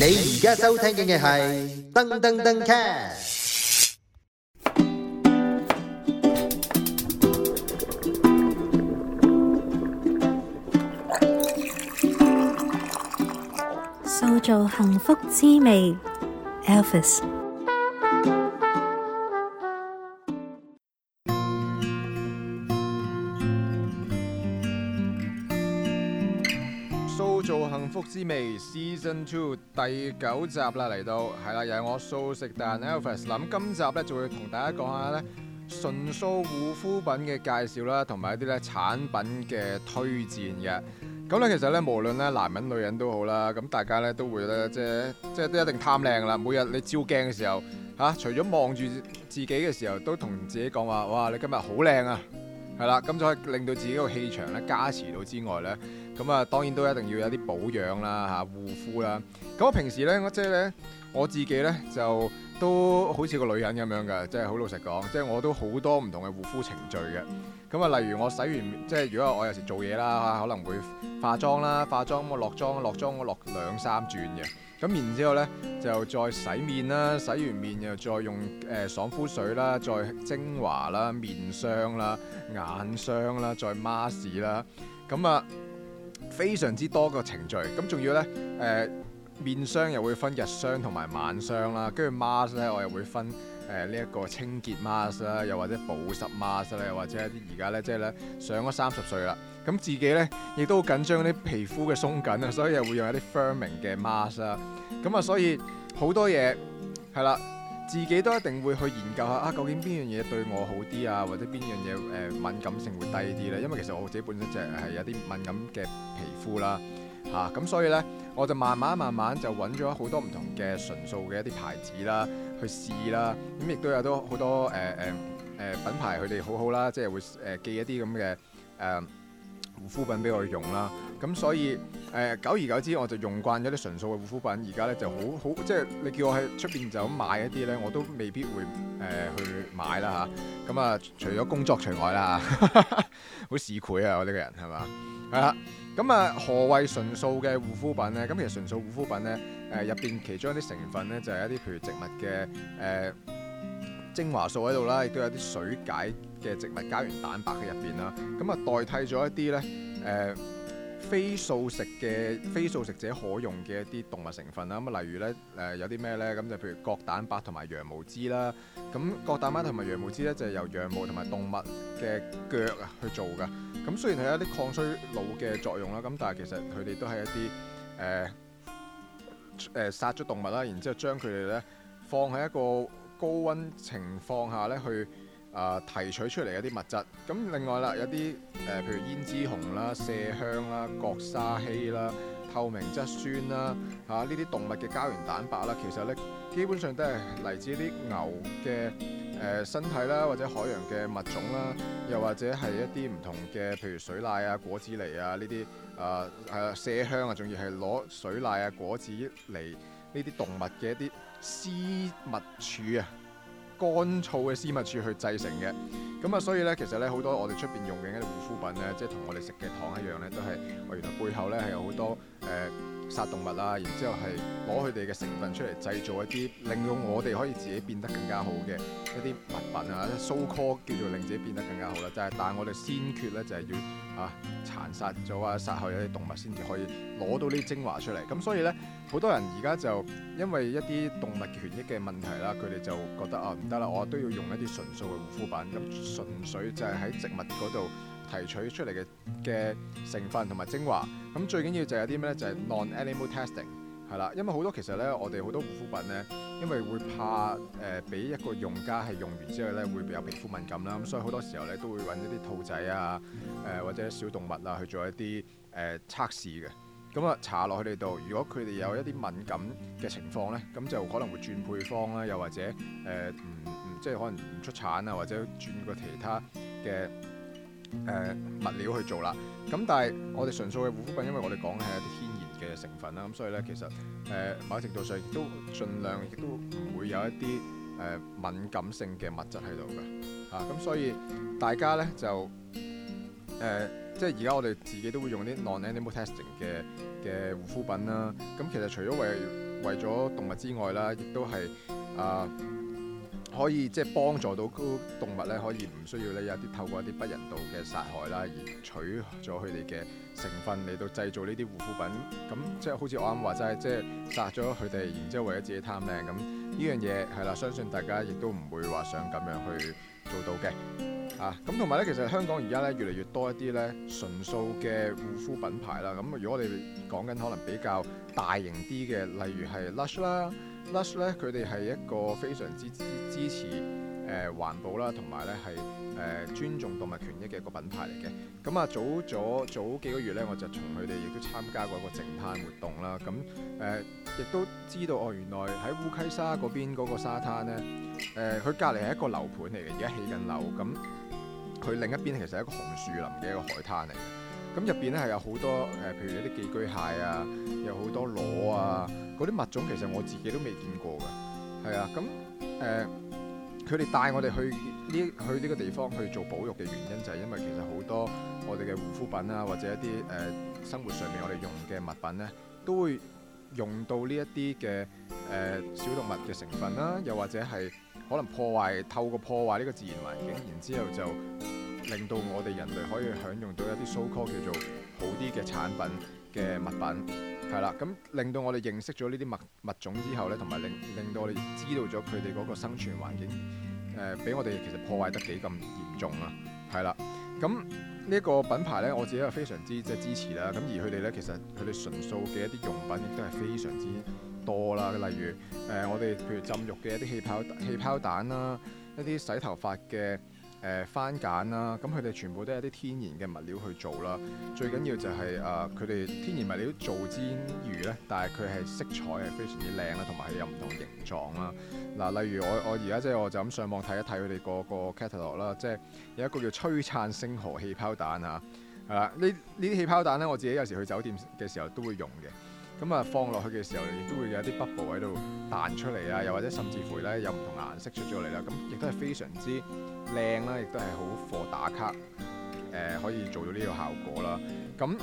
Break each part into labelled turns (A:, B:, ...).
A: 你而家收聽嘅係噔噔噔 cast，塑造幸福滋味，Elvis。做幸福之味 Season Two 第九集啦嚟到，係啦又係我素食達人 Alpha 咁今集咧就會同大家講下咧純素護膚品嘅介紹啦，同埋一啲咧產品嘅推薦嘅。咁咧其實咧無論咧男人女人都好啦，咁大家咧都會咧即係即係都一定貪靚啦。每日你照鏡嘅時候吓，啊，除咗望住自己嘅時候，都同自己講話：哇，你今日好靚啊！係啦，咁就可以令到自己個氣場咧加持到之外咧。咁啊，當然都一定要有啲保養啦，嚇護膚啦。咁我平時呢，我即係咧我自己呢，就都好似個女人咁樣㗎，即係好老實講，即係我都好多唔同嘅護膚程序嘅。咁啊，例如我洗完即係如果我有時做嘢啦，可能會化妝啦，化妝我落妝，落妝我落兩三轉嘅。咁然之後呢，就再洗面啦，洗完面又再用，呃，爽膚水啦，再精華啦、面霜啦、眼霜啦，再 mask 啦，咁啊～非常之多個程序，咁仲要咧，誒、呃、面霜又會分日霜同埋晚霜啦，跟住 mask 咧，我又會分誒呢一個清潔 mask 啦，又或者保濕 mask 啦，又或者啲而家咧即係咧上咗三十歲啦，咁自己咧亦都好緊張啲皮膚嘅鬆緊啊，所以又會用一啲 firming 嘅 mask 啦，咁啊，所以好多嘢係啦。自己都一定會去研究下啊，究竟邊樣嘢對我好啲啊，或者邊樣嘢誒敏感性會低啲咧？因為其實我自己本身就係有啲敏感嘅皮膚啦，嚇、啊、咁所以咧我就慢慢慢慢就揾咗好多唔同嘅純素嘅一啲牌子啦，去試啦。咁亦都有都好多誒誒誒品牌佢哋好好啦，即係會誒寄一啲咁嘅誒護膚品俾我用啦。咁所以誒、呃，久而久之我就用慣咗啲純素嘅護膚品，而家咧就好好，即係你叫我喺出邊就咁買一啲咧，我都未必會誒、呃、去買啦嚇。咁啊，除咗工作除外啦，好市儈啊！我呢個人係嘛係啦。咁啊、嗯，何為純素嘅護膚品咧？咁其實純素護膚品咧，誒入邊其中一啲成分咧，就係、是、一啲譬如植物嘅誒、呃、精華素喺度啦，亦都有啲水解嘅植物膠原蛋白喺入邊啦。咁啊，代替咗一啲咧誒。呃呃呃非素食嘅非素食者可用嘅一啲動物成分啦，咁、啊、例如咧，誒、呃、有啲咩咧？咁就譬如角蛋白同埋羊毛脂啦。咁角蛋白同埋羊毛脂咧，就係、是、由羊毛同埋動物嘅腳啊去做噶。咁雖然係一啲抗衰老嘅作用啦，咁但係其實佢哋都係一啲誒誒殺咗動物啦，然之後將佢哋咧放喺一個高溫情況下咧去。啊、呃，提取出嚟嗰啲物質，咁另外啦，有啲誒、呃，譬如胭脂紅啦、麝香啦、角鯊烯啦、透明質酸啦，嚇呢啲動物嘅膠原蛋白啦、啊，其實咧基本上都係嚟自啲牛嘅誒、呃、身體啦，或者海洋嘅物種啦，又、啊、或者係一啲唔同嘅，譬如水獺啊、果子狸啊呢啲啊麝香啊，仲、啊、要係攞水獺啊、果子狸呢啲動物嘅一啲私密處啊。乾燥嘅私密處去製成嘅，咁啊，所以呢，其實呢，好多我哋出邊用嘅一啲護膚品呢，即係同我哋食嘅糖一樣呢，都係我原來背後呢，係有好多誒，呃殺動物啦，然之後係攞佢哋嘅成分出嚟製造一啲令到我哋可以自己變得更加好嘅一啲物品啊，so called 叫做令自己變得更加好啦。就係但係我哋先決咧就係要啊殘殺咗啊殺害一啲動物先至可以攞到啲精華出嚟。咁所以咧，好多人而家就因為一啲動物權益嘅問題啦，佢哋就覺得啊唔得啦，我都要用一啲純素嘅護膚品。咁純粹就係喺植物嗰度提取出嚟嘅嘅成分同埋精華。咁最緊要就係有啲咩咧，就係、是、non-animal testing 係啦，因為好多其實咧，我哋好多護膚品咧，因為會怕誒俾、呃、一個用家係用完之後咧會有皮膚敏感啦，咁、嗯、所以好多時候咧都會揾一啲兔仔啊，誒、呃、或者小動物啊去做一啲誒測試嘅。咁、呃、啊，搽落、嗯、去佢哋度，如果佢哋有一啲敏感嘅情況咧，咁就可能會轉配方啦、啊，又或者誒唔唔即係可能唔出產啊，或者轉個其他嘅。誒、呃，物料去做啦，咁但係我哋純素嘅護膚品，因為我哋講嘅係一啲天然嘅成分啦，咁所以咧其實誒某程度上亦都盡量亦都唔會有一啲誒、呃、敏感性嘅物質喺度噶，吓、啊、咁所以大家咧就誒、呃、即係而家我哋自己都會用啲 non-animal testing 嘅嘅護膚品啦、啊，咁其實除咗為為咗動物之外啦，亦都係啊。呃可以即係幫助到嗰個動物咧，可以唔需要咧有啲透過一啲不人道嘅殺害啦，而取咗佢哋嘅成分嚟到製造呢啲護膚品。咁即係好似我啱話齋，即係殺咗佢哋，然之後為咗自己貪靚咁，呢樣嘢係啦，相信大家亦都唔會話想咁樣去做到嘅。啊，咁同埋咧，其實香港而家咧越嚟越多一啲咧純素嘅護膚品牌啦。咁如果我哋講緊可能比較大型啲嘅，例如係 Lush 啦。lush 咧，佢哋係一個非常之支持誒環、呃、保啦，同埋咧係誒尊重動物權益嘅一個品牌嚟嘅。咁、嗯、啊，早咗早幾個月咧，我就同佢哋亦都參加過一個淨灘活動啦。咁誒亦都知道哦，原來喺烏溪沙嗰邊嗰個沙灘咧，誒佢隔籬係一個樓盤嚟嘅，而家起緊樓。咁、嗯、佢另一邊其實係一個紅樹林嘅一個海灘嚟嘅。咁入邊咧係有好多誒、呃，譬如一啲寄居蟹啊，有好多螺啊。嗰啲物種其實我自己都未見過㗎，係啊，咁誒，佢哋帶我哋去呢去呢個地方去做保育嘅原因就係因為其實好多我哋嘅護膚品啊，或者一啲誒、呃、生活上面我哋用嘅物品咧，都會用到呢一啲嘅誒小動物嘅成分啦、啊，又或者係可能破壞透過破壞呢個自然環境，然之後就令到我哋人類可以享用到一啲 so called 叫做好啲嘅產品嘅物品。係啦，咁令到我哋認識咗呢啲物物種之後咧，同埋令令到我哋知道咗佢哋嗰個生存環境，誒、呃、俾我哋其實破壞得幾咁嚴重啊！係啦，咁呢一個品牌咧，我自己係非常之即係支持啦。咁而佢哋咧，其實佢哋純素嘅一啲用品亦都係非常之多啦。例如誒、呃，我哋譬如浸浴嘅一啲氣泡氣泡彈啦、啊，一啲洗頭髮嘅。誒、嗯、番梘啦，咁佢哋全部都係啲天然嘅物料去做啦。最緊要就係、是、啊，佢、呃、哋天然物料做之餘咧，但係佢係色彩係非常之靚啦，同埋係有唔同形狀啦。嗱、啊，例如我我而家即係我就咁上網睇一睇佢哋個個 catalog、啊啦，即、就、係、是、有一個叫璀璨星河氣泡蛋啊。係啦，呢呢啲氣泡蛋咧，我自己有時去酒店嘅時候都會用嘅。咁啊放落去嘅時候，亦都會有啲 bubble 喺度彈出嚟啊，又或者甚至乎咧有唔同顏色出咗嚟啦，咁亦都係非常之靚啦，亦都係好貨打卡誒、呃，可以做到呢個效果啦。咁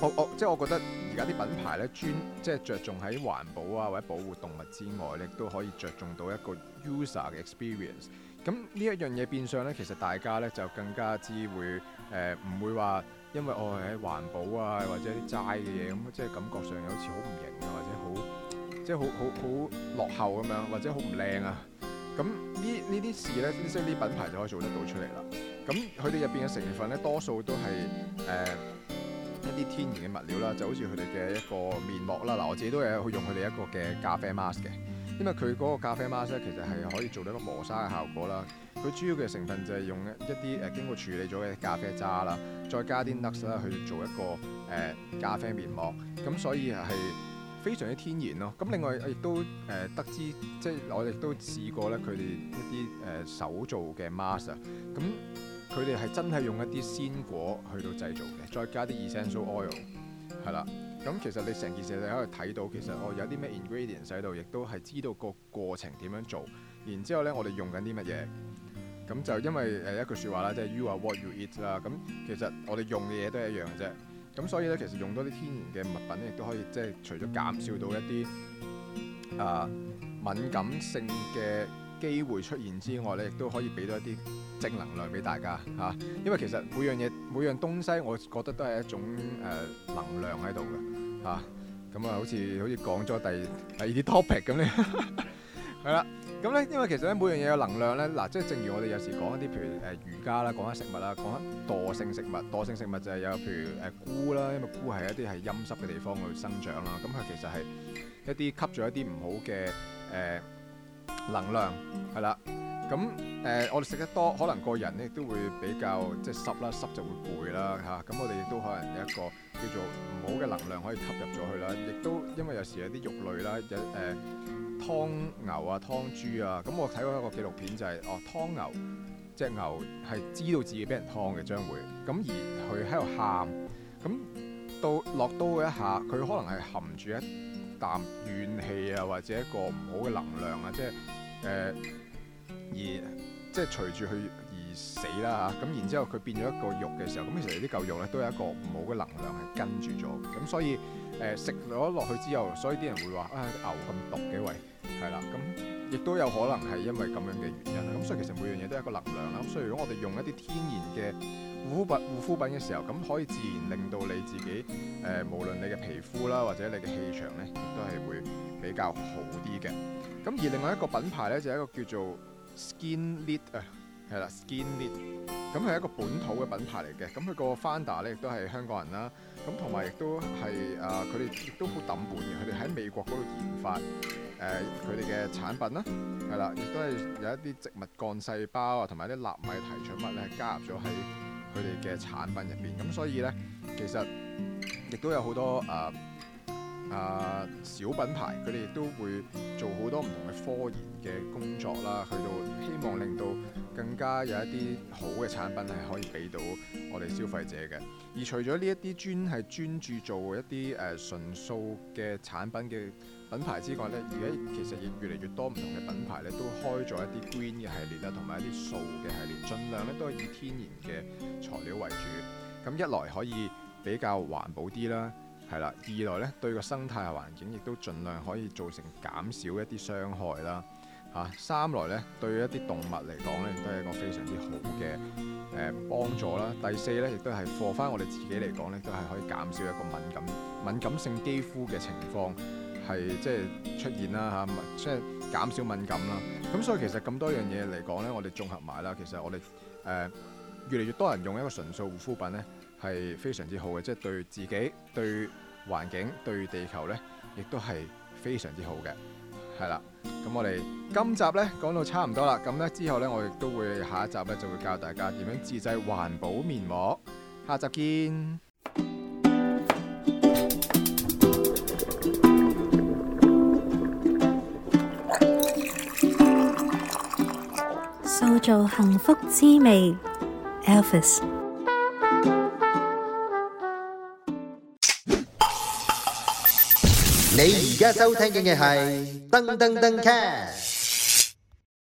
A: 我我即係、就是、我覺得而家啲品牌咧專即係着重喺環保啊，或者保護動物之外，咧亦都可以着重到一個 user 嘅 experience。咁呢一樣嘢變相咧，其實大家咧就更加之會誒，唔、呃、會話。因為我係喺環保啊，或者啲齋嘅嘢咁，即係感覺上又好似好唔型啊，或者好即係好好好落後咁樣，或者好唔靚啊。咁呢呢啲事咧，呢些啲品牌就可以做得到出嚟啦。咁佢哋入邊嘅成分咧，多數都係誒、呃、一啲天然嘅物料啦，就好似佢哋嘅一個面膜啦。嗱，我自己都有去用佢哋一個嘅咖啡 mask 嘅。因為佢嗰個咖啡 mask 咧，其實係可以做到一個磨砂嘅效果啦。佢主要嘅成分就係用一啲誒經過處理咗嘅咖啡渣啦，再加啲 nuts 啦去做一個誒、呃、咖啡面膜。咁所以係非常之天然咯。咁另外亦都誒得知，即、就、係、是、我亦都試過咧，佢哋一啲誒手做嘅 mask 啊。咁佢哋係真係用一啲鮮果去到製造嘅，再加啲 essential oil，係啦。咁其實你成件事就喺度睇到，其實我有啲咩 ingredient 喺度，亦都係知道個過程點樣做。然之後咧，我哋用緊啲乜嘢咁，就因為誒一句説話啦，即係 You are what you eat 啦。咁其實我哋用嘅嘢都係一樣嘅啫。咁所以咧，其實用多啲天然嘅物品，亦都可以即係除咗減少到一啲啊敏感性嘅機會出現之外咧，亦都可以俾到一啲。正能量俾大家嚇、啊，因為其實每樣嘢，每樣東西，我覺得都係一種誒、呃、能量喺度嘅嚇。咁啊，好似好似講咗第第二啲 topic 咁咧，係啦。咁 咧，因為其實咧每樣嘢嘅能量咧，嗱、啊，即係正如我哋有時講一啲譬如誒、呃、瑜伽啦，講下食物啦，講下惰性食物，惰性食物就係有譬如誒菇啦，因為菇係一啲係陰濕嘅地方去生長啦，咁佢其實係一啲吸咗一啲唔好嘅誒、呃、能量係啦。咁誒、呃，我哋食得多，可能個人咧都會比較即係濕啦，濕就會攰啦嚇。咁、啊、我哋亦都可能有一個叫做唔好嘅能量可以吸入咗去啦。亦都因為有時有啲肉類啦，有誒、呃、劏牛啊、劏豬啊。咁我睇過一個紀錄片就係、是，哦劏牛，即係牛係知道自己俾人劏嘅，將會咁、啊、而佢喺度喊，咁到落刀嗰一下，佢可能係含住一啖怨氣啊，或者一個唔好嘅能量啊，即係誒。呃而即係隨住佢而死啦，咁，然之後佢變咗一個肉嘅時候，咁其實啲嚿肉咧都有一個唔好嘅能量係跟住咗。咁所以誒食咗落去之後，所以啲人會話啊、哎、牛咁毒嘅喂，係啦。咁亦都有可能係因為咁樣嘅原因。咁所以其實每樣嘢都係一個能量啦。咁所以如果我哋用一啲天然嘅護膚品護膚品嘅時候，咁可以自然令到你自己誒、呃，無論你嘅皮膚啦或者你嘅氣場咧，都係會比較好啲嘅。咁而另外一個品牌咧就係、一個叫做。SkinLead 啊，係啦，SkinLead，咁、嗯、係一個本土嘅品牌嚟嘅，咁、嗯、佢個 founder 咧亦都係香港人啦，咁同埋亦都係啊，佢哋亦都好揼門嘅，佢哋喺美國嗰度研發誒佢哋嘅產品啦、啊，係啦，亦都係有一啲植物幹細胞啊，同埋啲納米提取物咧加入咗喺佢哋嘅產品入邊，咁、嗯、所以咧其實亦都有好多啊～啊，小品牌佢哋都會做好多唔同嘅科研嘅工作啦，去到希望令到更加有一啲好嘅產品係可以俾到我哋消費者嘅。而除咗呢一啲專係專注做一啲誒、啊、純素嘅產品嘅品牌之外呢，而家其實亦越嚟越多唔同嘅品牌呢都開咗一啲 green 嘅系列啦，同埋一啲素嘅系列，盡量呢都係以天然嘅材料為主，咁一來可以比較環保啲啦。係啦，二來咧對個生態環境亦都盡量可以造成減少一啲傷害啦，嚇、啊、三來咧對一啲動物嚟講咧都係一個非常之好嘅誒、呃、幫助啦、啊。第四咧亦都係 for 翻我哋自己嚟講咧都係可以減少一個敏感敏感性肌膚嘅情況係即係出現啦嚇，即、啊、係、就是、減少敏感啦。咁、啊、所以其實咁多樣嘢嚟講咧，我哋綜合埋啦，其實我哋誒、呃、越嚟越多人用一個純素護膚品咧，係非常之好嘅，即係對自己、對環境、對地球呢，亦都係非常之好嘅。係啦，咁我哋今集呢講到差唔多啦，咁呢之後呢，我亦都會下一集呢就會教大家點樣自製環保面膜。下集見。塑造幸福滋味，Elvis。Al 你而家收聽嘅係燈登登 cast。